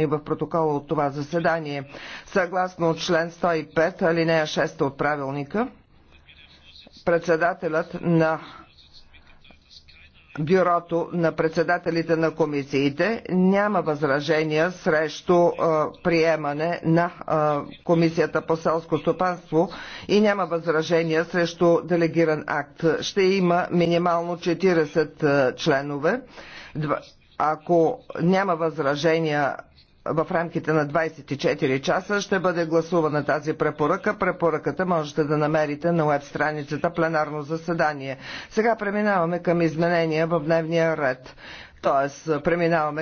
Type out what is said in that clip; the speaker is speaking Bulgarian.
записани в протокола от това заседание. Съгласно член 105, алинея 6 от правилника, председателят на бюрото на председателите на комисиите няма възражения срещу а, приемане на а, Комисията по селско стопанство и няма възражения срещу делегиран акт. Ще има минимално 40 членове. Ако няма възражения в рамките на 24 часа ще бъде гласувана тази препоръка. Препоръката можете да намерите на веб страницата пленарно заседание. Сега преминаваме към изменения в дневния ред. Тоест, преминаваме